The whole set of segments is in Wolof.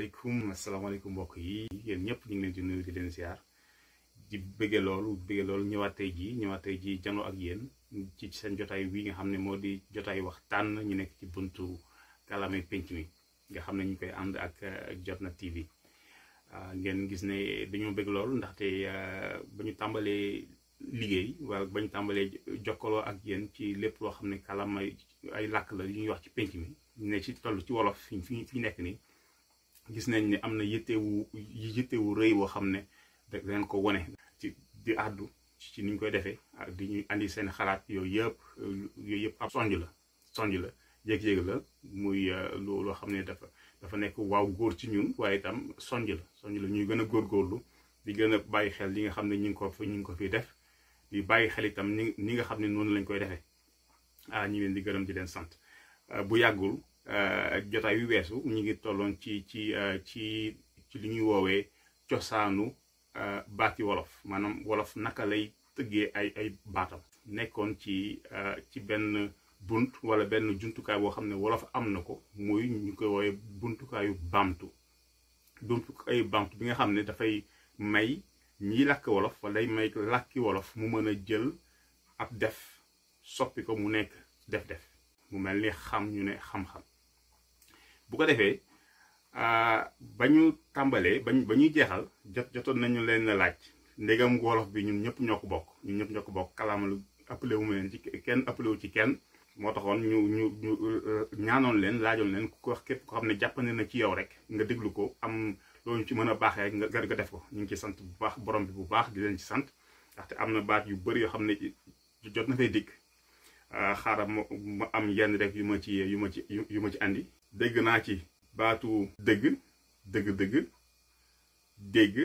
asalaamaaleykum asalaamaaleykum mbokk yi yéen ñëpp ñu ngi leen di nuyu di leen ziar di bëggee loolu bëggee loolu ñëwaat tey jii ñëwaat jii janoo ak yéen ci seen jotaay wi nga xam ne moo di jotaay waxtaan ñu nekk ci buntu kàllaamay penc mi nga xam ne ñu koy ànd ak uh, Jotna TV uh, ngeen gis ne dañoo bëgg loolu ndaxte uh, ba ñu tàmbalee liggéey wala ba ñu tàmbalee jokkaloo ak yéen ci lépp loo xam ne kàllaamay ay làkk la yu ñuy wax ci penc mi ne ci toll ci wolof fi fi ñu nekk nii. gis nañ ne am na yittewu yittewu rëy boo xam ne dangeen ko wone ci di àddu ci niñ koy defee ak di ñuy andi seen xalaat yooyu yëpp yooyu yëpp ab la sonj la jéeg-jéeg la muy euh, loo loo xam ne dafa dafa nekk waaw góor ci ñun waaye itam sonj la sonj la ñuy gën a góor góorlu di gën a bàyyi xel li nga xam ne ñu ngi ko ñu ngi ko fii def di bàyyi xel itam ni nga xam ne noonu lañ koy defee ah ñu leen di gërëm di leen sant euh, bu yàggul Eh, ak jotaay yu weesu ñu ngi tolloon ci ci eh, ci ci li ñuy woowee cosaanu eh, baati wolof maanaam wolof naka lay tëggee ay ay baatam nekkoon ci ci benn bunt wala benn jumtukaay boo xam ne wolof am na ko muy ñu koy woowee buntukaayu baamtu buntukaayu baamtu bi nga xam ne dafay may ñiy làkk wolof wala day may làkki wolof mu mën a jël ab def soppi ko mu nekk def-def mu mel ni xam ñu ne xam-xam bu ko defee ah, ba ñu tàmbalee ba ba ñuy jeexal jot jotoon nañu leen la laaj ndegam wolof bi ñun ñëpp ñoo ko bokk ñun ñëpp ñoo ko bokk kalaama lu appelé wu leen ci kenn appelé wu ci kenn moo taxoon ñu ñu ñu euh, ñaanoon leen laajoon leen ku ko wax képp ko xam ne jàppandi na ci yow rek nga déglu ko am loolu ci mën a baaxee rek nga nga def ko ñu ci sant bu baax borom bi bu baax di leen ci sant ndaxte am na baat yu bëri yoo xam ne jot na fay dikk ah, xaaral ma am yenn rek yu ma ci yu ma ci yu ma ci andi dégg naa ci baatu dégg dëgg-dëgg dégg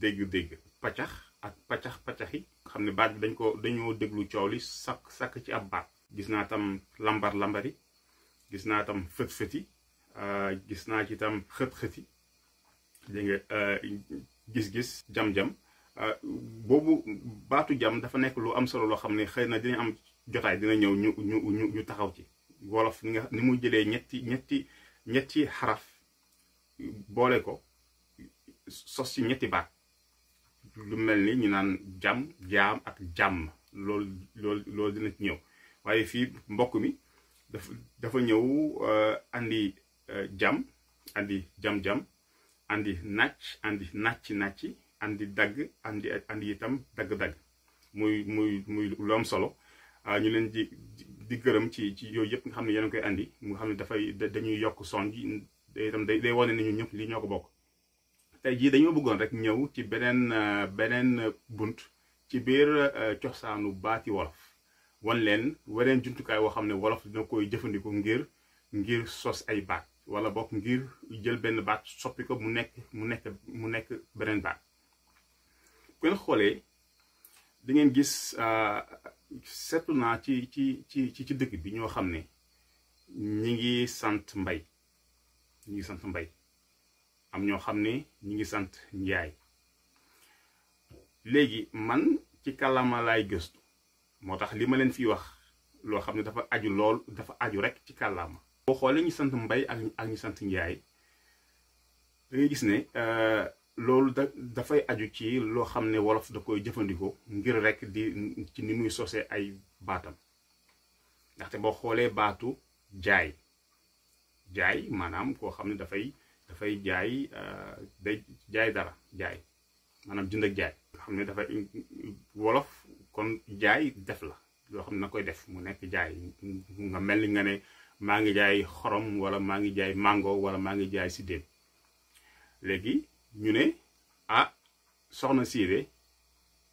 dégg-dégg paccax ak paccax-paccax yi xam ne baat bi dañ ko dañoo déglu coow li sakk sakk ci ab baat gis naa tam lambar-lambari gis naa tam fët-fëti euh, gis naa ci tam xët-xëti dégg euh, gis-gis jam-jam euh, boobu baatu jam dafa nekk lu am solo loo xam ne xëy na dina am jotaay dina ñëw ñu ñu ñu ñu taxaw ci wolof ni nga ni muy jëlee ñetti ñetti ñetti xaraf boole ko sos ci ñetti baat lu mel ni ñu naan jam jaam ak jàmm loolu loolu dina ñëw waaye fii mbokk mi dafa dafa ñëw euh, euh, andi jam andi jam-jam andi nàcc indi nàcc-nàcc dagg andi andi itam dagg-dagg muy muy muy lu solo ah, ñu leen di gërëm ci ci yooyu yëpp nga xam ne yéen a koy andi nga xam ne dafay da dañuy yokk son ji itam day day wane nañu ñëpp lii ñoo ko bokk. tey jii dañoo bëggoon rek ñëw ci beneen euh, beneen bunt ci biir euh, cosaanu baati wolof wan leen weneen jumtukaay woo xam ne wolof dina koy jëfandikoo ngir ngir sos ay baat wala bokk ngir jël benn baat soppi ko mu nekk mu nekk mu nekk beneen baat. bu xoolee di ngeen gis. Euh, seetlu naa ci ci ci ci dëkk bi ñoo xam ne ñi ngi sant mbay ñi ngi sant mbay am ñoo xam ne ñi ngi sant njaay léegi man ci kàllaama laay gëstu moo tax li ma leen fi wax loo xam ne dafa aju lool dafa aju rek ci kàllaama boo xoolee ñu sant mbay ak ak sant njaay da ngay gis ne euh, loolu da dafay aju ci loo xam ne wolof da koy jëfandikoo ngir rek di ci ni muy sosee ay baatam ndaxte boo xoolee baatu jaay jaay maanaam koo xam ne dafay dafay jaay euh, day jaay dara jaay maanaam jënd jaay nga ne dafay wolof kon jaay def la loo xam ne na koy def mu nekk jaay nga mel ni nga ne maa ngi jaay xorom wala maa ngi jaay mango wala maa ngi jaay sidéem léegi ñu ne a ah, soxna siire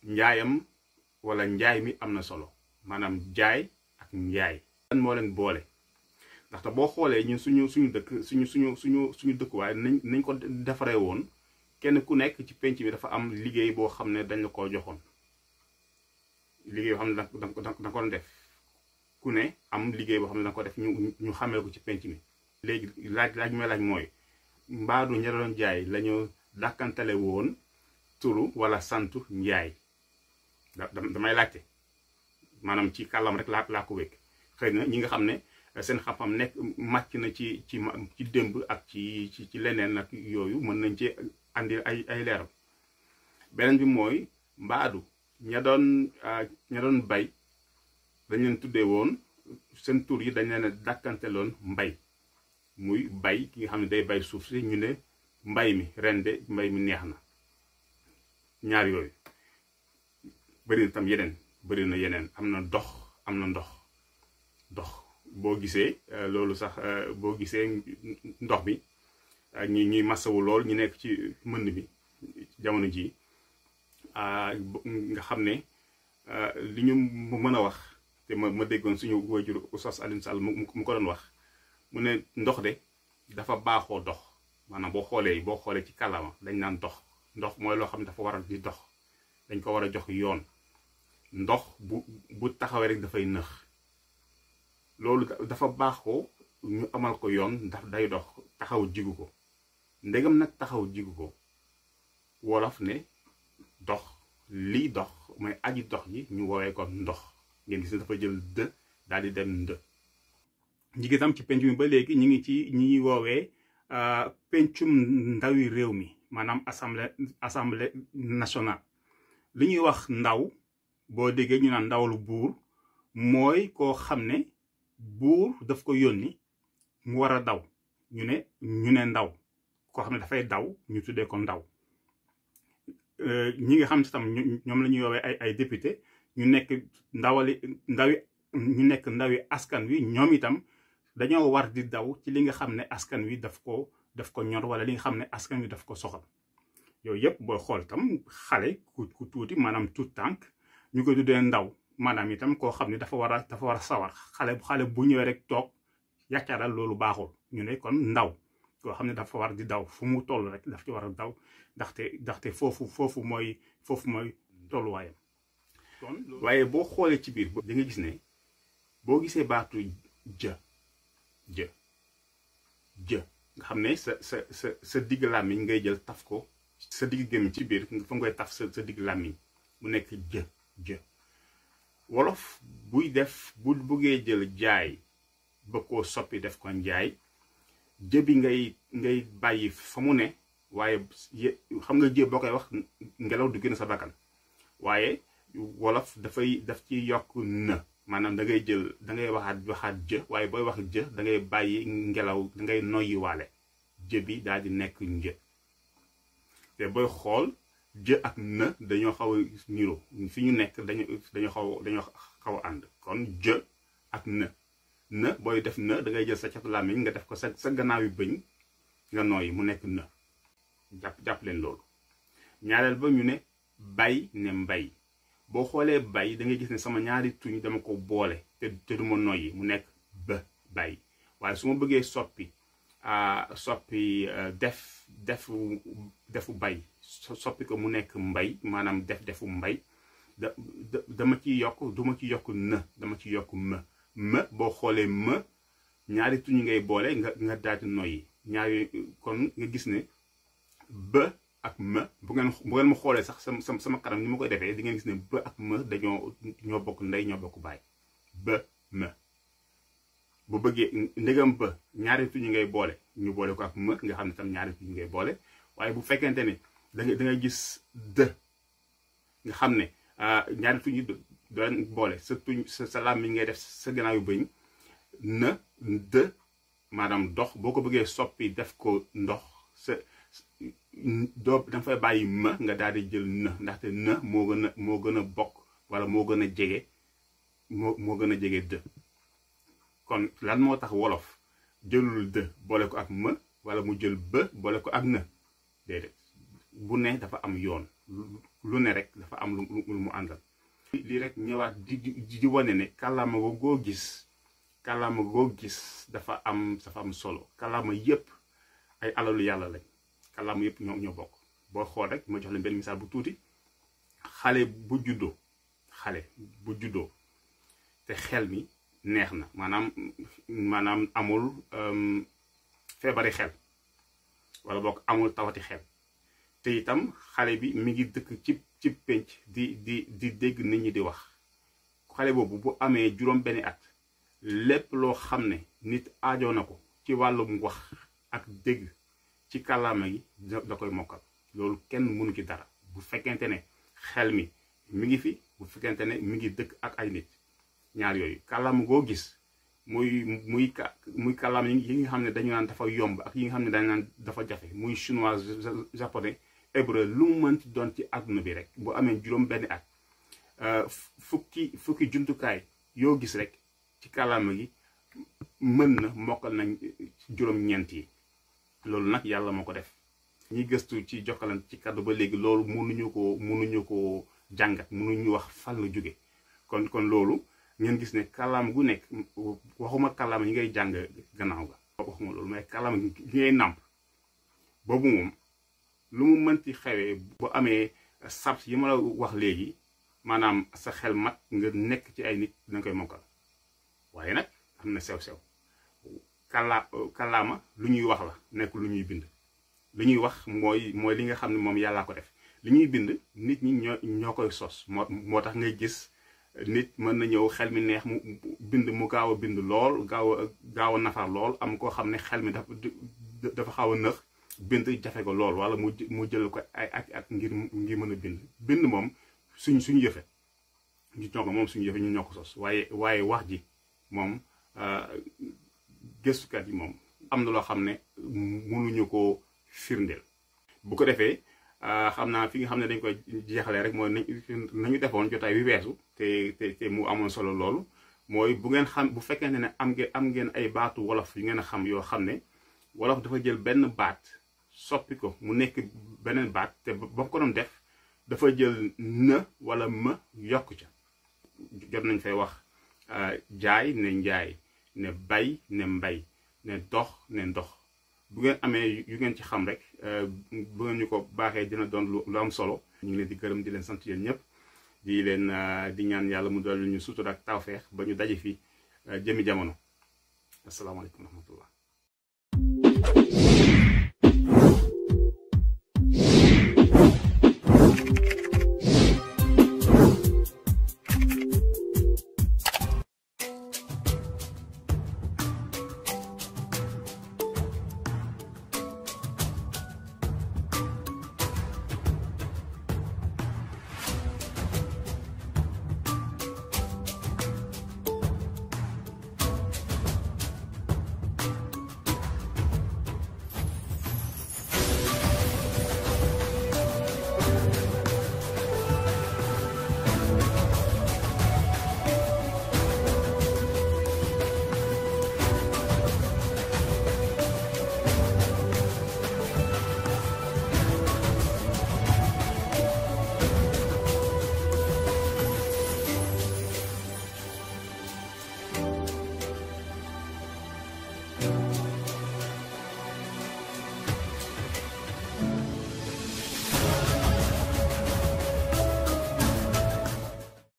njaayam wala njaay mi am na solo maanaam jaay ak njaay lan moo leen boole ndaxte boo xoolee ñu suñu suñu dëkk suñu suñu suñu suñu dëkkuwaay nañ nañ ko defaree woon kenn ku nekk ci penc bi dafa am liggéey boo xam ne dañ la ko joxoon liggéey xam ne da nga def ku ne am liggéey boo xam ne da ko def ñu ñu xamee ko ci penc mi léegi laaj laaj may laaj mooy mbaadu ña doon jaay lañu dàkkantale woon turu wala santu njaay damay laajte maanaam ci kàllam rek laa laa ko wékk xëy na ñi nga xam ne seen xam-xam nekk màcc na ci ci ci démb ak ci ci ci leneen ak yooyu mën nañ ci andi ay ay leeram beneen bi mooy mbaadu ña doon ña doon bay dañ leen tuddee woon seen tur yi dañ leen a dàkkante mbay muy bay ki nga xam ne day bay suuf si ñu ne mbay mi ren de mbay mi neex na ñaar yooyu bëri na tam yeneen bëri na yeneen am na dox am na ndox dox boo gisee euh, loolu sax euh, boo gisee ndox bi ak ñi ñuy masawu lool ñu nekk ci mënd bi jamono jii ah, nga xam ne euh, li ñu mën a wax te ma ma déggoon suñu wajur Oustaz Alioune Sall mu ko doon wax mu ne ndox de dafa baaxoo dox maanaam boo xoolee boo xoolee ci kàllaama dañ naan dox ndox mooy loo xam ne dafa waral di dox dañ ko war a jox yoon ndox bu bu taxawee rek dafay nëx loolu dafa baax ko ñu amal ko yoon ndax day dox taxaw jigu ko ndegam nag taxaw jigu ko wolof ne dox lii dox mooy aji dox ji ñu woowee ko ndox ngeen gis ne dafa jël dë daal di dem ndë ñi ci penc ba léegi ñi ngi ci ñi ngi woowee Euh, pencum ndawi réew mi maanaam assemblée assemblée national li ñuy wax ndaw boo déggee ñu naan ndaw buur mooy koo xam ne buur daf ko yónni mu war a daw ñu ne ñu ne ndaw koo xam ne dafay daw ñu tuddee ko ndaw euh, ñi ngi xam ne tam ñoom lañuy ñuy ay ay député ñu nekk ndawali ndawi ñu nekk ndawi askan wi ñoom itam dañoo war di daw ci li nga xam ne askan wi daf ko daf ko ñor wala li nga xam ne askan wi daf ko soxal yooyu yëpp booy xool tam xale ku tuuti maanaam tout tànk ñu koy tuddee ndaw maanaam itam koo xam ne dafa war a dafa war sawar xale xale bu ñëwee rek toog yàccaaral loolu baaxul ñu ne kon ndaw koo xam ne dafa war di daw fu mu toll rek daf ci war a daw ndaxte ndaxte foofu foofu mooy foofu mooy tolluwaayam kon waaye boo xoolee ci biir da nga gis ne boo gisee baatu jë jë jë nga xam ne sa sa sa sa digg làmmiñ ngay jël taf ko sa digg gémmiñ ci biir nga fa ngay taf sa sa digg làmmiñ mu nekk jë jë wolof buy def bu bëggee jël jaay ba koo soppi def ko njaay jë bi ngay ngay bàyyi fa mu ne waaye xam nga jë boo koy wax ngelaw du génn sa bakkan waaye wolof dafay daf ci yokk na maanaam da ngay jël dangay ngay waxaat waxaat jë waaye booy wax jë dangay bàyyi ngelaw da ngay noyyiwaale jë bi daal di nekk një te booy xool jë ak na dañoo xaw a niro fi ñu nekk dañu dañoo xaw dañoo xaw a ànd kon jë ak na na booy def na dangay jël sa catu nga def ko sa sa gannaaw yu bëñ nga nooyi mu nekk na jàpp jàpp leen loolu ñaareel ba ñu ne bay ne mbay boo xoolee bay da ngay gis ne sama ñaari tuñ dama ko boole te te du ma yi mu nekk ba bay waaye su ma bëggee soppi soppi e, def defu defu bay soppi ko mu nekk mbay maanaam def defu mbay dama ci yokk duma ci yokk na dama ci yokk ma ma boo xoolee ma ñaari tuñ ngay boole nga nga daal di noyyi ñaari kon nga gis ne ba ak ma bu ngeen bu ngeen ma xoolee sax sama sama sama kanam ni ma koy defee di ngeen gis ne ba ak ma dañoo ñoo bokk ndey ñoo bokk baay ba ma. bu bëggee ndegam ba ñaari tuñ ngay boole ñu boole ko ak ma nga xam ne tam ñaari tuñ ngay boole waaye bu fekkente ne da nga gis dë nga xam ne ah, ñaari tuñ yi boole sa tuñ sa sa làmmiñ ngay def sa gannaaw yu bëñ na dë maanaam dox boo ko bëggee soppi def ko ndox sa. doo dafa nga fay bàyyi ma nga daal di jël na ndaxte na moo gën a moo gën a bokk wala moo gën a jege moo moo gën a jege dë kon lan moo tax wolof jëlul dë boole ko ak ma wala mu jël ba boole ko ak na déedéet bu ne dafa am yoon lu ne rek dafa am lu mu àndal lii rek ñëwaat di di wane ne kàllaama goo gis kàllaama goo gis dafa am dafa am solo kàllaama yépp ay alalu yàlla lañ kàllaama yëpp ñoo ñoo bokk boo xool rek ma jox leen benn misaal bu tuuti xale bu juddoo xale bu juddoo te xel mi neex na maanaam maanaam amul euh, feebari xel wala bokk amul tawati xel te itam xale bi mu ngi dëkk ci ci pénc di di di dégg nit ñi di wax xale boobu bu amee juróom benni at lépp loo xam ne nit aajoo na ko ci wàllum wax ak dégg ci kàllaama gi da koy mokkal loolu kenn mënu ci dara bu fekkente ne xel mi mu ngi fi bu fekkente ne mu ngi dëkk ak ay nit ñaar yooyu kàllaama goo gis muy muy ka muy kàllaama yi nga xam ne dañu naan dafa yomb ak yi nga xam ne dañu naan dafa jafe muy chinois japonais hébreu lu mu mënti doon ci àdduna bi rek boo amee juróom benn at euh, fukki fukki jumtukaay yoo gis rek ci kàllaama gi mën na mokkal nañ juróom-ñeent yi loolu nag yàlla ma ko def ñi gëstu ci Jokalante ci kàddu ba léegi loolu mun mënuñu ko mënuñu ko jàngat mënuñu wax fan la jóge kon kon loolu ngeen gis ne kàllaama gu nekk waxuma kàllaama yi ngay jàng gannaaw ga waxuma loolu mais kàllaama gi ngay nàmp boobu moom lu mu mënti xewee bu amee sab yi ma la wax léegi maanaam sa xel mat nga nekk ci ay nit danga koy mokkal waaye nag am na sew-sew kala kalaama lu ñuy wax la nekk lu ñuy bind lu ñuy wax mooy mooy li nga xam ne moom yàllaa ko def lu ñuy bind nit ñi ñoo koy sos moo moo tax ngay gis nit mën na ñëw xel mi neex mu bind mu gaaw a bind lool gaaw a lool am koo xam ne xel mi dafa dafa xaw a nëx bind jafe ko lool wala mu mu jël ko ay at at ngir ngir mën a bind bind moom suñ suñu yëfe ñu ñoo ko moom suñu yëfe ñu ñoo waaye waaye wax ji moom euh, gëstukat yi moom am na loo xam ne mënuñu koo firndeel. bu ko defee ah, xam naa fi nga xam ne dañ koy jeexalee rek mooy nañu defoon jotaay wi weesu te te mu amoon solo loolu mooy bu ngeen xam bu fekkente ne am ngeen am ngeen ay baatu wolof yi ngeen a xam yoo xam ne wolof dafa jël benn baat soppi ko mu nekk beneen baat te ba ko doon def dafa jël na wala ma yokk ca jot nañ fay wax ah, jaay ne njaay ne bay ne mbay ne dox ne ndox bu ngeen amee yu ngeen ci xam rek euh, bu ngeen ñu ko baaxee dina doon lu am solo ñu ngi leen di gërëm di leen sant yéen ñëpp di leen euh, di ñaan yàlla mu doon lu ñu sutur ak tawfeex ba ñu daje fi euh, jëmi jamono asalaamaaleykum wa rahmatullah